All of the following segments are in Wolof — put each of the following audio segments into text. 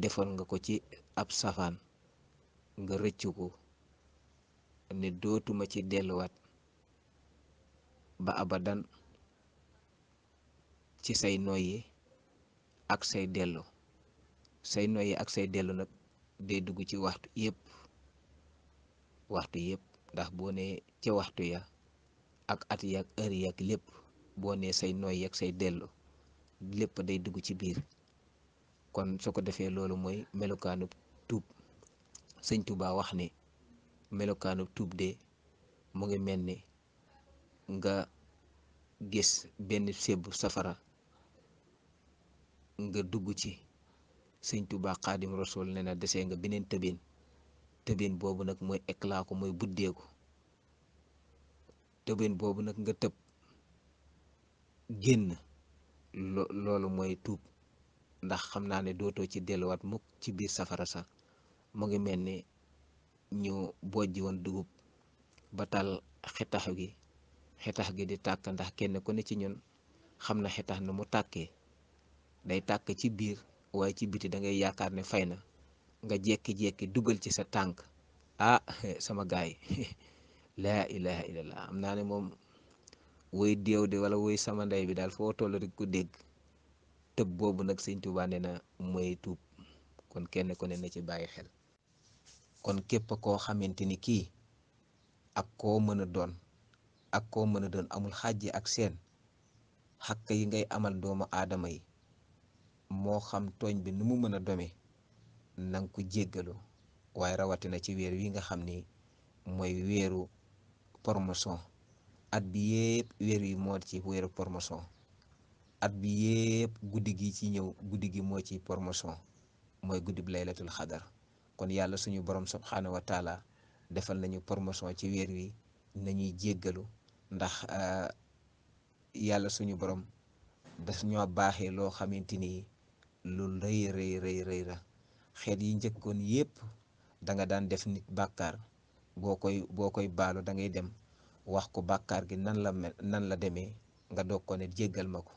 defoon nga ko ci ab safaan nga rëccu ko ne dootuma ci delluwaat ba abadan ci say noyyi ak say dellu say noyyi ak say dellu nag day dugg ci waxtu yépp waxtu yépp ndax boo ne ci waxtu ya ak at yaak heure yaak lépp boo nee say noyyi ak say dellu lépp day dugg ci biir kon su ko defee loolu mooy melokaanu tuub sëñ Tuubaa wax ni melokaanu tuub de mu ngi mel ni nga gis benn sébbu safara nga dugg ci sëñ Tuubaa xaadim rasul ne na desee nga beneen tëbin tëbin boobu nag mooy éclat ko mooy buddeeku tëbin boobu nag nga tëb génn loolu mooy tuub ndax xam naa ne dootoo ci delluwaat mukk ci biir safara sax mu ngi mel ni ñu bojji woon dugub ba xetax gi xetax gi di tàkk ndax kenn ku ne ci ñun xam na xetax na mu tàkkee day tàkk ci biir waaye ci biti da ngay yaakaar ne fay na nga jékki-jékki dugal ci sa tànk ah sama gaay yi laa ilaha illallah am naa ne moom woy déew de wala woy sama ndey bi daal foo toll rek ku dégg boobu nag sëñ Tuubaa nee na mooy tuub kon kenn ko ne na ci bàyyi xel kon képp koo xamante ni kii ak koo mën a doon ak koo mën a doon amul xàjji ak seen xàq yi ngay amal doomu aadama yi moo xam tooñ bi nu mu mën a domee nang ko jéggalu waaye rawatina ci weer wi nga xam ni mooy weeru promotion at bi yépp weer yi moo ci weeru promotion at bi yépp guddi gi ci ñëw guddi gi moo ci promotion mooy guddi bi laylatul xadar kon yàlla suñu borom subxanahu wa taala defal nañu promotion ci weer wi nañuy jéggalu ndax euh, yàlla suñu borom daf ñoo baaxee loo xamante ni lu rëy rëy rëy rëy la xeet yi njëkkoon yépp da nga daan def nit bàkkaar boo koy boo koy baalu da ngay dem wax ko bàkkaar gi nan la mel nan la demee nga doog ko ne jéggal ma ko.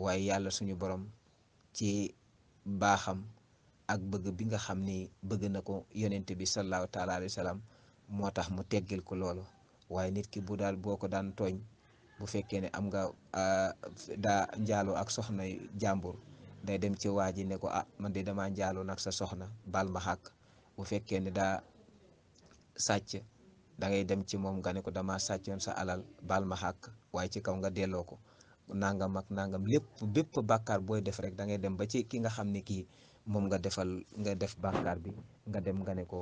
waaye yàlla suñu borom ci baaxam ak bëgg bi nga xam ni bëgg na ko yonent bi sallallahu taala alayhi moo tax mu teggil ko loolu waaye nit ki bu daal boo ko daan tooñ bu fekkee ne am nga ah, daa njaaloo ak soxna jàmbur day dem ci waa ji ne ko ah man de damaa njaaloo nag sa soxna baal ma xàq bu fekkee ne daa sàcc dangay dem ci moom nga ne ko dama sàccoon sa alal baal ma xàq waaye ci kaw nga delloo ko nangam ak nangam lépp bépp bàkkaar booy def rek da ngay dem ba ci ki nga xam ni kii moom nga defal nga def bàkkaar bi nga dem nga ne ko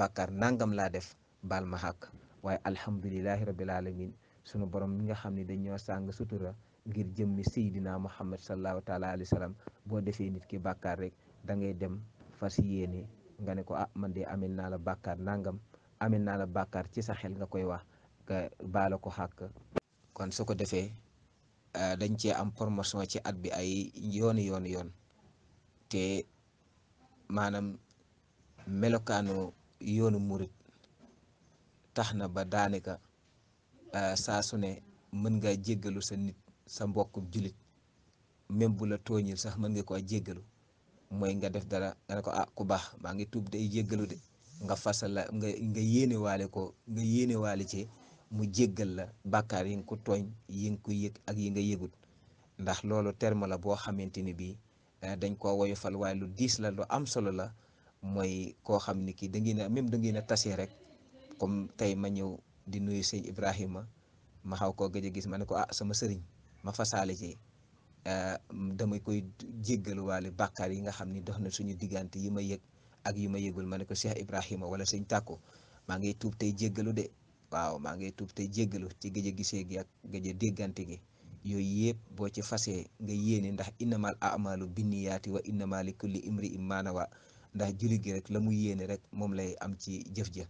bàkkaar nangam laa def baal ma xàq waaye alhamdulilahi rabil alamin sunu borom mi nga xam ni ne dañoo sàng sutura ngir jëm jëmmi seydina muhammad sallallahu taala alayhi wa sallam boo defee nit ki bàkkaar rek da ngay dem fas yéene nga ne ko ah man de amel naa la bàkkaar nangam amel naa la bàkkaar ci sa xel nga koy wax nga baala ko xàq kon su ko defee Eh, dañ cee am promotion ci at bi ay yooni yooni yoon te maanaam melokaanu yoonu murit tax na ba daanaka eh, saa su ne mën nga jéggalu sa nit sa mbokku julit même bu la tooñil sax mën nga ko jéggalu mooy nga def dara nga ne ko ah ku baax maa ngi tuub day jéggalu de nga fasal nga nga yéene waale ko nga yéene waale ci mu jéggal la bakkaar yi nga ko tooñ yi nga ko yëg ak yi nga yëgut ndax loolu terme la boo xamante ni bii eh, dañ koo woyofal waaye lu diis la lu am solo la mooy koo xam ni kii da ngeen a même da ngeen a tase rek comme tey ma ñëw di nuyu sëñ Ibrahima ma xaw koo gëj a gis ma ne ko ah sama sëriñ ma fasaale ci eh, dama koy jéggal waale yi nga xam ni dox na suñu diggante yi ma yëg ak yi ma yëgul ma ne ko Cheikh Ibrahima wala sëñ Tàkko maa ngi tuub tey waaw maa ngay tuub te jéggalu ci gëj a gisee gi ak gëj déggante gi yooyu yëpp boo ci fasee nga yéene ndax innamal amalu binniyaati wa innama li kulli imri im maanawa ndax julit gi rek la muy yéene rek moom lay am ci jëf ja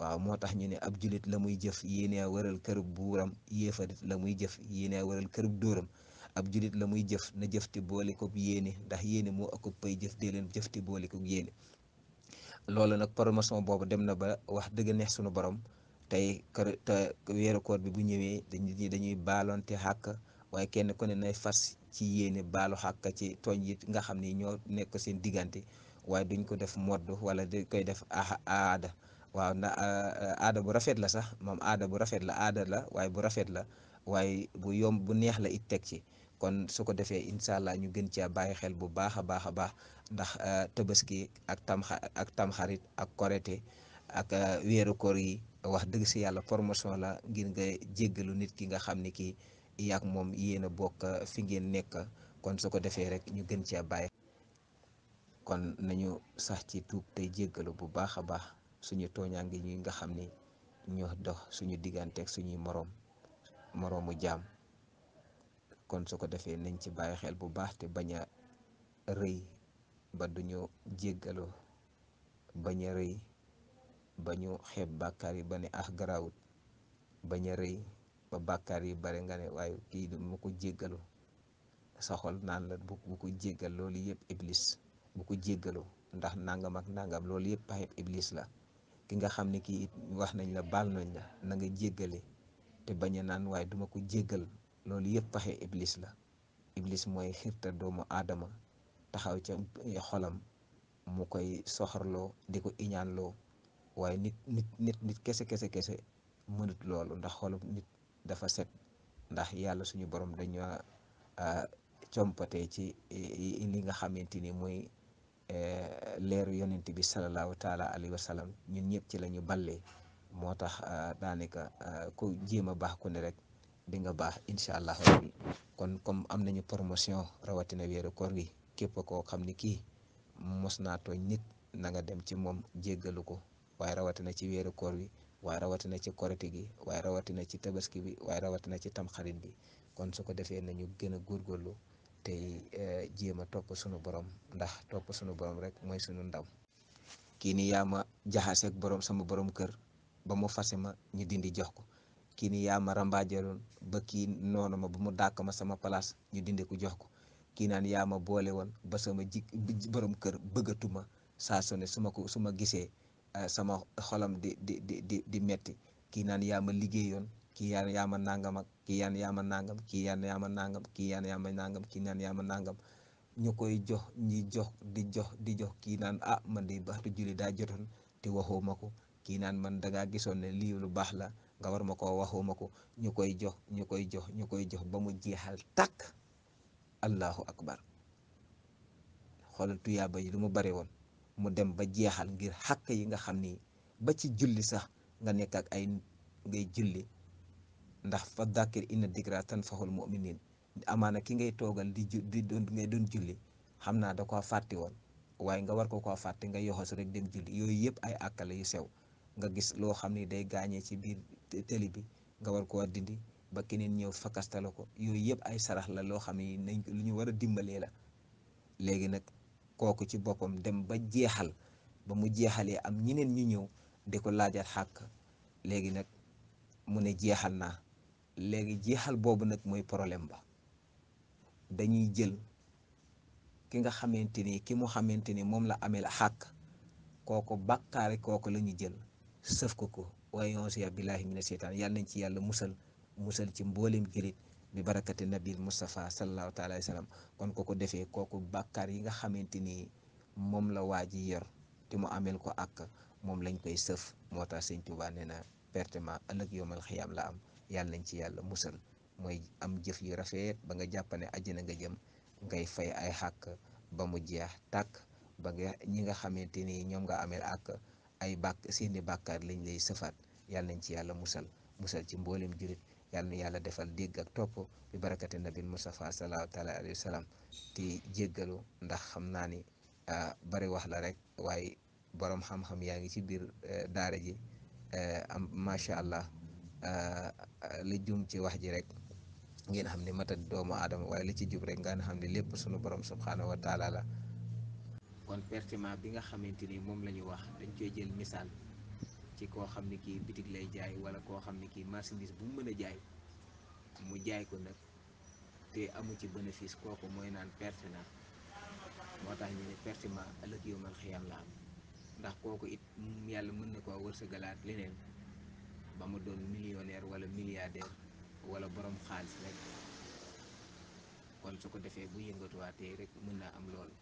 waaw moo tax ñu ne ab julit la muy jëf yéene waral kër buuram yéefarit la muy jëf yéene waral kërub dóoram ab julit la muy jëf na jëf ti boole koog yéene ndax yéene moo ak pay jëf dee leen jëf ti boole ko yéene loolu nag promotion boobu dem na ba wax dëgg neex sunu boroom tey kër te weeru koor bi bu ñëwee dañuy dañuy ti xàkk waaye kenn kone ne nay fas ci yéene baalu xàkk ci tooñ yi nga xam ni ñoo nekk seen diggante waaye duñ ko def modd wala dañ koy def ah, aada waaw na ah, ah, aada bu rafet la sax moom aada bu rafet la aada la waaye bu rafet la waaye bu yomb bu neex la it teg ci kon su ko defee incha allah ñu gën cee bàyyi xel bu baax a baax a baax ndax tabaski ak tam ak tamxarit ak korete ak weeru koor yi wax dëgg si yàlla formation la ngir nga jéggalu nit ki nga xam ni kii yaak moom yéen a bokk euh, fi ngeen nekk kon su ko defee rek ñu gën cee bàyyi. kon nañu sax ci tuub tey jéggalu bu baax a baax suñu tooñaange ñi nga xam ni ñoo dox suñu diggante suñuy moroom moroomu jaam kon su ko defee nañ ci bàyyi xel bu baax te bañ a rëy ba duñu jéggalu bañ rëy ba ñu xeeb bàkkaar yi ba ne ah garaawut bañ a rëy ba bàkkaar yi bare nga ne waaye kii du ma ko jéggalu sa xol naan la bu ko jéggal loolu yëpp iblis bu ko jéggalu ndax nangam ak nangam loolu yëpp paxeb iblis la ki nga xam ne kii it wax nañ la baal nañ la na nga jéggale te bañ a naan waaye duma ko jéggal loolu yëpp paxe iblis la iblis mooy xirta doomu aadama taxaw ca eh, xolam mu koy soxarloo di ko iñaanloo waaye nit nit nit nit kese kese kese mënut loolu ndax xolub nit dafa set ndax yàlla suñu borom dañoo compate ci li nga xamante ni mooy e, leeru yonenti bi salallaahu taala alayhi wa sallam ñun ñëpp ci la ñu ballee moo tax daanaka ku jéem a baax ku ne rek di nga baax incha allah rabbi kon comme am nañu promotion rawatina weeru koor gi képp koo xam ni kii mos naa tooñ nit na nga dem ci moom jéggalu ko waaye rawatina ci weeru koor bi waaye rawatina ci korite gi waaye rawatina ci tabaski bi waay rawatina ci tamxarit bi kon su ko defee nañu gën a góorgóorlu tey eh, jéem a topp sunu borom ndax topp sunu borom rek mooy sunu ndaw kii ni yaa ma jaxaseeg borom sama borom kër ba mu fase ma ñu dindi jox ko kii ni yaa ma rambaajeloon ba kii noonu ma ba mu dàkk ma sama palaas ñu dindi ko jox ko kii naan yaa ma boole woon ba sama ji borom kër bëggatuma saa su ne su ma ko su ma gisee Eh, sama xolam di di di di di metti kii naan yaa ma liggéeyoon kii yaan yaa ma nangam ak kii yaa ma nangam kii yaan yaa nangam kii yaan yaa ma nangam kii yaa ma nangam ñu koy jox ñi jox di jox di jox kii naan ah man de baxtu julli daa jotoon te waxoo ma ko kii naan man dangaa gisoon ne lii lu baax la nga war ma ko waxoo ma ko ñu koy jox ñu koy jox ñu koy jox ba mu jeexal tàkk allahu akbar xoolal tuyaaba yi lu mu bare woon mu dem ba jeexal ngir xaq yi nga xam ni ba ci julli sax nga nekk ak ay ngay julli ndax fa dàkkir inna dikra tanfahul muminin amaana ki ngay toogal di ju di doon ngay doon julli xam naa da ko fàtte woon waaye nga war ko ko fàtte nga yoxosu rek dem julli yooyu yëpp ay àkkale yu sew nga gis loo xam ni day gaañee ci biir tëli bi nga war koo dindi ba keneen ñëw fakastala ko yooyu yëpp ay sarax la loo xam ni nañ lu ñu war a dimbalee la léegi nag kooku ci boppam dem ba jeexal ba mu jeexalee am ñeneen ñu ñëw di ko laajaat xàq léegi nag mu ne jeexal naa léegi jeexal boobu nag mooy problème ba dañuy jël ki nga xamante ni ki mu xamante ni moom la amee la xàq kooku bàkkaare kooku la ñu jël sëf ko ko waaye yonsiya billaahi mina seytaan yàlla nañ ci yàlla musal musal ci mbooleem girit bi barakati nabil Moustapha sallallahu taala alayhi wa sallam kon ko ko defee kooku bàkkaar yi nga xamante ni moom la waa ji yor te mu ameel ko ak moom lañ koy sëf moo tax sëñ Tuubaa nee na pertement ëllëg yomal xiyaam la am yàlla nañ ci yàlla musal mooy am jëf yu rafet ba nga jàpp ne àjjana nga jëm ngay fay ay xàq ba mu jeex tàkk ba ñi nga xamante ni ñoom nga amel ak ay bàkk seeni bàkkaar lañ lay sëfaat yàlla nañ ci yàlla musal musal ci mbooleem jurit yàlla yàlla defal dégg ak topp bi barakati nabil Mustafa sallallahu taala alayhi wa salaam te jéggalu ndax xam naa ni ah, bari wax la rek waaye borom xam-xam yaa ngi ci biir eh, daara ji eh, am macha allah ah, li jum ci wax ji rek ngeen xam ne matat doomu aadama waaye li ci jub rek nga xam ne lépp sunu borom subhanahu wa la. kon pertement bi nga xamante ni moom wax dañ koy jël misaal. ci koo xam ne kii bitig lay jaay wala koo xam ne kii marchandise bu mu mën a jaay mu jaay ko nag te amu ci bénéfice kooku mooy naan perte na moo tax ñu ne perte ma ëllëg yowmal xiyam la am ndax kooku it yàlla mën na koo wërsëgalaat leneen ba mu doon millionnaire wala milliardaire wala boroom xaalis rek kon su ko defee bu yëngatuwaatee rek mën naa am loolu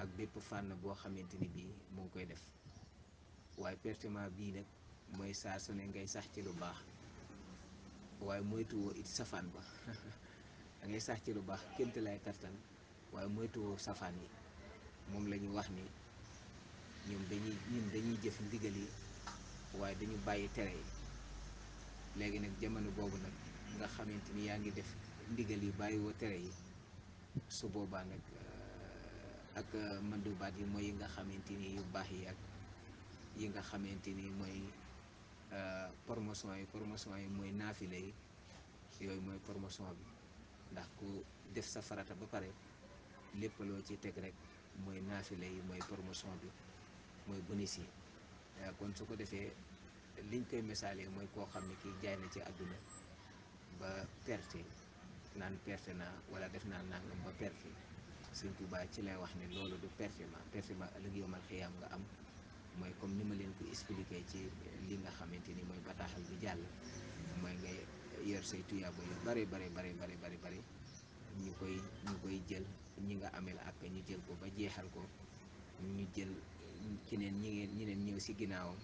ak bépp fànn boo xamante ni bii mu ngi koy def. waaye pertement bii nag mooy saar su ne ngay sax ci lu baax waaye moytuwoo it safaan ba dangay sax ci lu baax kémt lay kattan waaye moytuwoo safaan yi moom la ñu wax ni ñoom dañuy ñun dañuy jëf ndigal yi waaye dañu bàyyi tere yi léegi nag jamono boobu nag nga xamante ni yaa ngi def ndigal yi bàyyiwoo tere yi su boobaa nag euh, ak euh, mandubaat yi mooy yi nga xamante ni yu baax yi ak yi nga xamante ni mooy euh, promotion yi promotion yi mooy naafile yi yooyu mooy promotion bi ndax ku def sa farata ba pare lépp loo ci teg rek mooy naafile yi mooy promotion bi mooy bonus yi euh, kon su ko defee liñ koy misaalee mooy koo xam ne kii jaay na ci àdduna ba perte naan perte naa wala def naa nangam ba perte Sëñ Tuubaa ci lay wax ne loolu du perte ma perte ma ëllëg yomal xiyaam nga am mooy comme ni ma leen ko expliqué ci li nga xamante ni mooy bataaxal bi jàll mooy ngay yor say tuyaaba yu bare bare bare bare bare bare ñu koy ñu koy jël ñi nga amel ak ñu jël ko ba jeexal ko ñu jël keneen ñi ngeen ñeneen ñëw si ginnaawam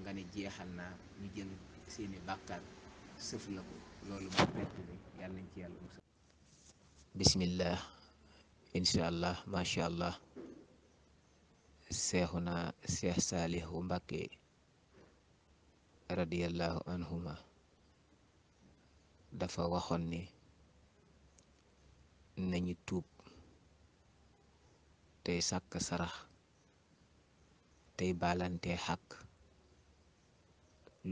nga ne jeexal naa ñu jël seeni bàkkaar sëf la ko loolu mooy perte bi yàlla nañ ci yàlla musal bismillah incha allah macha allah na seex saalihu mbàkke radiyallahu anhuma dafa waxoon ni nañu tuub tey sàkk sarax tey baalante xàkk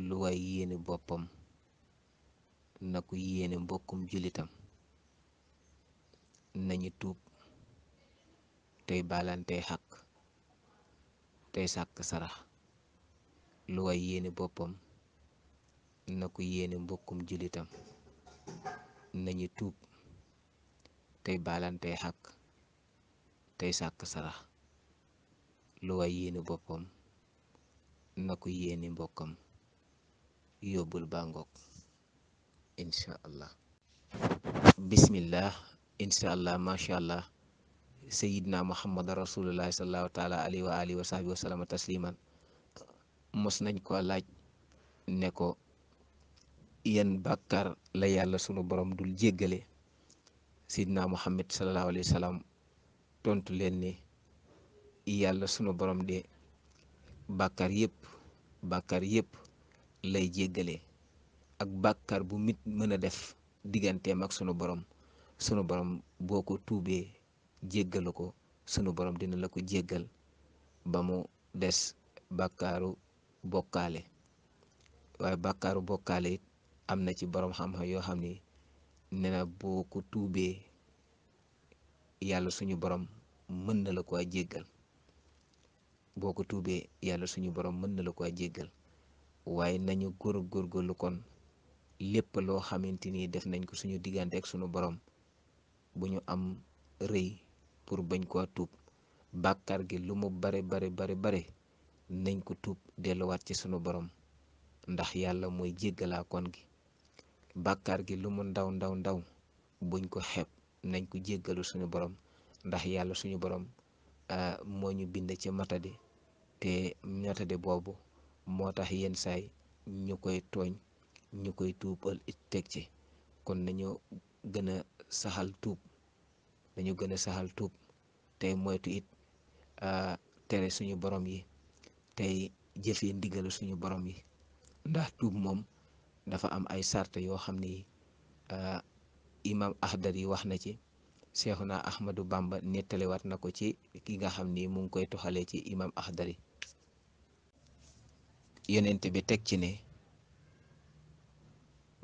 lu waay yéene boppam na ku yéene mbokkum jullitam nañu tuub tey baalante xàkk tey sàkk sarax lu waay yéene boppam na mbokkum jullitam nañu tuub tey baalante xàq tey sàkk sarax lu waay yéene boppam na ko yéene mbokkam yóbbul bàngoog incha allah bismillah incha allah macha allah sayidna muhammad rasulullahi salallahu taala alayhi wa alihi wa sahbi wa salama tasliman mos nañ ko laaj ne ko yan bàkkaar la yàlla sunu borom dul jéggale sayidna muhammad salallahu salaam tontu leen ni yàlla sunu borom de bàkkaar yépp bàkkaar yépp lay jéggale ak bàkkaar bu nit mën a def digganteem ak sunu borom sunu borom boo ko tuubee jéggalu ko sunu borom dina la ko jéggal ba mu des bàkkaaru bokkaale waaye bàkkaaru bokkaale it am na ci borom xam-xam yoo xam ni nee na boo ko tuubee yàlla suñu boroom mën na la ko jéggal boo ko tuubee yàlla suñu borom mën na la ko jéggal waaye nañu góor góor góorgóorlu kon lépp loo xamante ni def nañ ko suñu diggante ak suñu borom bu ñu am rëy pour bañ koo tuub bàkkaar gi lu mu bare bare bare nañ ko tuub delluwaat ci sunu borom ndax yàlla mooy jéggalaa kon gi bàkkaar gi lu mu ndaw ndaw ndaw buñ ko xeeb nañ ko jéggalu suñu borom ndax yàlla suñu borom ah, moo ñu bind ci matadi te matadi boobu moo tax yenn saay ñu koy tooñ ñu koy tuubal it teg ci kon nañu gën a saxal tuub dañu gën a saxal tuub tey moytu it tere suñu borom yi tey jëfee ndigal suñu borom yi ndax tuub moom dafa am ay sart yoo xam ni imam ahdar yi wax na ci seexuna ahmadu bamba nettaliwaat na ko ci ki nga xam ni mu ngi koy toxalee ci imam ahdar yi yonent bi teg ci ne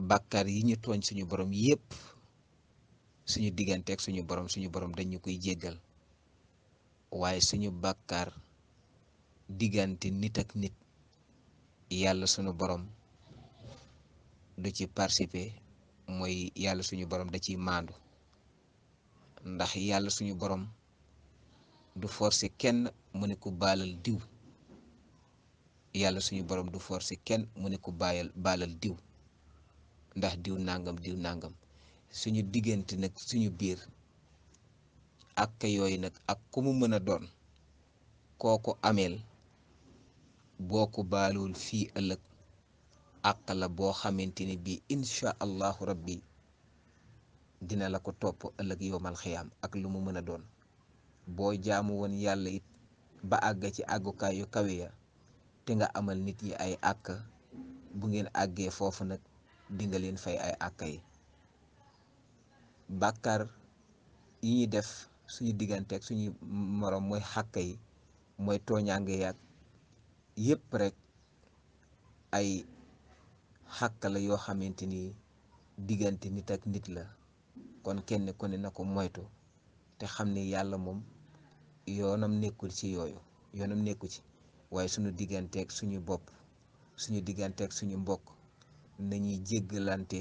bàkkaar yi ñu tooñ suñu borom yépp suñu digganteeg suñu borom suñu borom dañu koy jéggal waaye suñu bàkkaar diggante nit ak nit yàlla suñu boroom du ci participer mooy yàlla suñu borom da ciy maandu ndax yàlla suñu borom du forcer kenn mu ne ku baalal diw suñu borom du forcer kenn mu ne ku baayal baalal diw ndax diw nangam diw nangam. suñu diggante nag suñu biir ak yooyu nag ak ku mu mën a doon kooku ameel boo ko baaluwul fii ëllëg àq la boo xamante ni bii incha allahu rabbi dina la ko topp ëllëg yowmal xiyaam ak lu mu mën a doon boo jaamu woon yàlla it ba àgg ci àggukaayu yu ya te nga amal nit yi ay àkk bu ngeen àggee foofu nag dinga leen fay ay àq yi bàkkaar yi ñuy def suñu diggante ak suñu moroom mooy xàkk yi mooy tooñaange yaag yépp rek ay xàkk la yoo xamante ni diggante nit ak nit la kon kenn ku na ko moytu te xam ni yàlla moom yoonam nekkul ci yooyu yoonam nekku ci waaye suñu digganteeg suñu bopp suñu digganteeg suñu mbokk nañuy jéggalante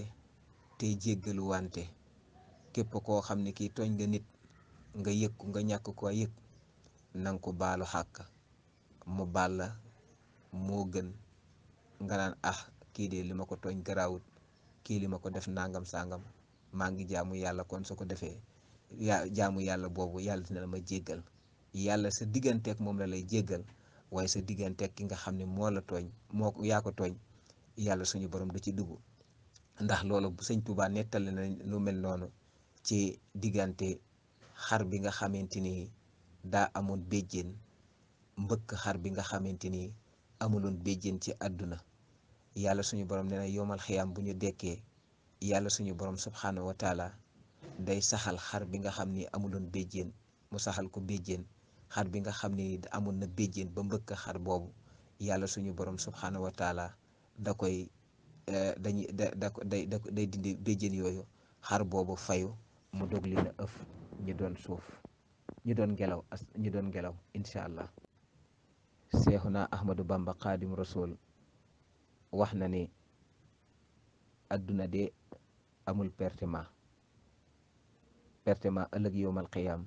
te jéggaluwante képp koo xam ne kii tooñ nga nit nga yëg ko nga ñàkk koo yëg nanga ko baalu xàq mu baal la moo gën nga naan ah kii de li ma ko tooñ garaawut kii li ma ko def nangam sangam maa ngi jaamu yàlla kon su ko defee yaa jaamu yàlla boobu yàlla dina la ma jéggal yàlla sa digganteek moom la lay jéggal waaye sa digganteek ki nga xam ne moo la tooñ moo yaa ko tooñ yàlla suñu borom du ci dugg ndax loolu bu Tuubaa nettali na lu mel noonu ci diggante xar bi nga xamante ni daa amoon béjjén mbëkk xar bi nga xamante ni amuloon béjjén ci àdduna yàlla suñu borom nee na yomal xiyaam bu ñu dekkee yàlla suñu borom subxanahu wa taala day saxal xar bi nga xam ni amuloon béjjén mu saxal ko béjjén xar bi nga xam ni amoon na béjjén ba mbëkk xar boobu yàlla suñu borom subxanahu wa da koy eh, dañuy da da day day dindi béjjén yooyu xar boobu fayu. mu dog leen ëf ñi doon suuf ñu doon ngelaw as ñi doon ngelaw incha allah seexuna ahmadu bamba xaadim rasul wax na ni àdduna de amul pertement pertement ëllëg yowmal qiyaam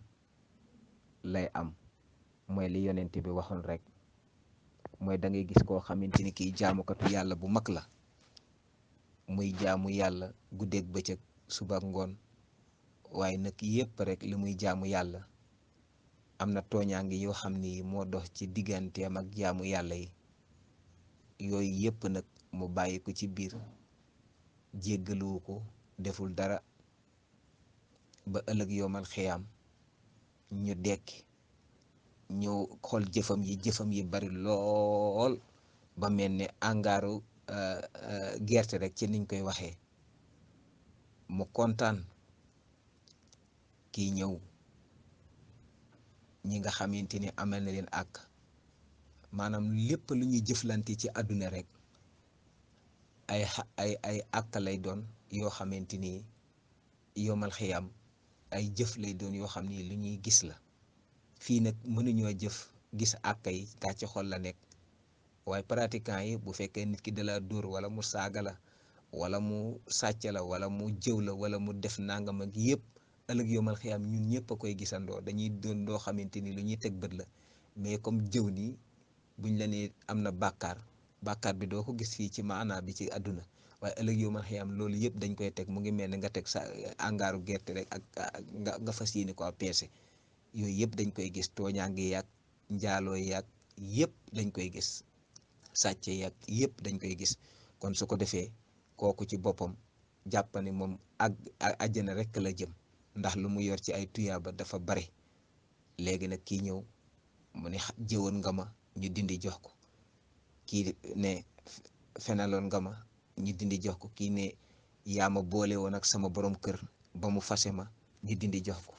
lay am mooy li yonent bi waxoon rek mooy dangay gis koo xamante ni kii jaamukatu yàlla bu mag la muy jaamu yàlla guddeeg bëccëg suba ngoon waaye nag yépp rekk li muy jaamu yàlla am na tooñaange yoo xam ni moo dox ci digganteem ak jaamu yàlla yi yooyu yépp nag mu bàyyi ko ci biir jéggaluwu ko deful dara ba ëllëg yomal xiyaam ñu dekki ñëw xool jëfam yi jëfam yi bari lool ba mel ni angaaru euh, euh, gerte rek ci niñ koy waxee mu kontaan kiy ñëw ñi nga xamante ni amal na leen ak maanaam lépp lu ñuy jëflante ci àdduna rekk ay ay ay àkk lay doon yoo xamante ni yomal xiyam ay jëf lay doon yoo xam ni lu ñuy gis la fii nag mënuñoo jëf gis àkk yi gaa ci xol la nekk waaye pratiquant yi bu fekkee nit ki da la dóor wala mu saaga la walla mu sàcc la wala mu jëw la wala mu def nangam ak yépp ëllëg yomal xiyaam ñun ñëpp a koy gisandoo dañuy doon doo xamante ni lu ñuy teg bët la mais comme jëw nii buñ la nee am na bàkkaar bàkkaar bi doo ko gis fii ci maanaa bi ci àdduna waaye ëllëg yomal xiyaam loolu yëpp dañ koy teg mu ngi mel ne nga teg sa angaaru eh, gerte rek ak nga nga fas ko peese yooyu yëpp dañ koy gis tooñaa ngi yàgg njaaloo yàgg yëpp dañ koy gis sàcce yàgg yëpp dañ koy gis kon su ko defee kooku ci boppam jàpp ne moom ak àjjana rek la jëm ndax lu mu yor ci ay tuyaaba dafa bari léegi nag kii ñëw mu ne jëwoon nga ma ñu dindi jox ko kii ne fenaloon nga ma ñu dindi jox ko kii ne yaa ma boole woon ak sama borom kër ba mu fase ma ñu dindi jox ko